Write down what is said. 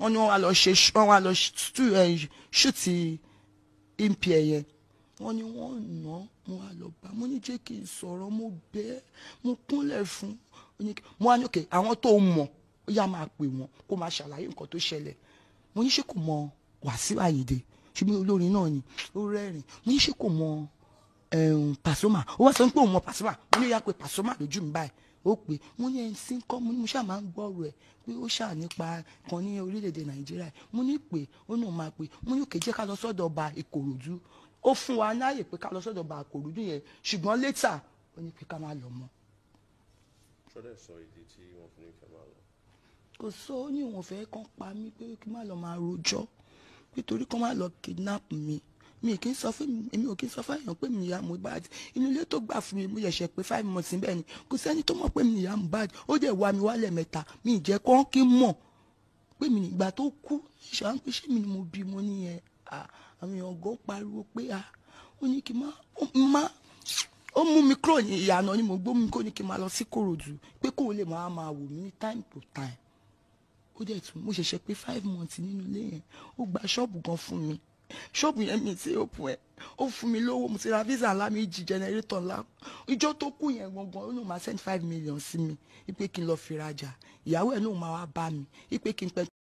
wọ́n ní wọ́n wá lọ ṣe wọ́n wá lọ ṣùtì ìmpì ẹ̀yẹ wọ́n ní wọ́n nà án mo wá lọ bá mo ní jẹ́ kí n sọ̀rọ̀ mo bẹ́ẹ̀ mo kúnlẹ̀ fún mo wá ní òkè àwọn tó mọ̀ ó yá máa pè wọ́n kó máa ṣàlàyé nǹkan tó ṣẹlẹ̀ mo ní ṣé kò mọ Wàsíù Àyèdè ṣùgbọ́n olórin náà ni ó rẹ́rìn mo ní ṣé kò mọ eh, Pasuma ó wá sọ pé òun mọ Pasuma mo ní ó yá pé Pasuma lójú mi báyìí ó pé mo ní ẹni sí kọ́ mo ní mo ṣáà máa ń gbọ́rọ̀ ẹ̀ pé ó ṣáà nípa kan ní orílẹ̀-èdè nàìjíríà mo ní pé ó náà máa pé mo ní òkè jẹ́ ká lọ sọ́dọ̀ ọba ìkòròdú ó fún wa náàyè pé ká lọ sọ́dọ̀ ọba ìkòròdú yẹn ṣùgbọ́n létà ó ní pé ká má lọ mọ́. sọdẹ sọ ìdí tí wọn fi ní kẹ máa lọ. kò sọ ó ní òun fẹ́ kán pa mí pé kí má lọ máa rojọ́ nítorí kán má lọ kidnap mi mi kì í sọ fún mi ò kì í sọ fáyàn pé mi ìyá Mohbad inú ilé tó gbà fún mi mo yẹ̀ṣẹ̀ pé five months bẹ́ẹ̀ ni kò sẹ́ni tó mọ̀ pé mi ìyá Mohbad ó dẹ̀ wá mi wálẹ̀ mẹ́ta mi ìjẹ́ kọ́ kí mọ̀ pé mi nígbà tó kú ṣáà ń pè ṣé mi ni mo bí mo nìyẹn àwọn èèyàn gan pariwo pé ó ní kí n má ó mú mi kúrò ní ìyànà ni mo gbó mi kó ní kí n máa lọ sí Kòròdú pé kóun lè máa máa wò mí ní time to time ó dẹ̀ tún mo ṣẹ̀ṣẹ̀ pé five months nínú ilé yẹn ó gba ṣọ́ọ̀bù gan fún mi ṣọ́ọ̀bù yẹn mi ti òpin ẹ̀ ó fún mi lówó mo ti ra visa ńlá mi jì jẹnẹrétọ̀ ńlá ìjọ tó kù yẹn gangan ó lóun máa send five million sí mi ipe kí n lọ fi rajà ìyàwó ẹ̀ lóun máa wá bá mi ipe kí n pẹ́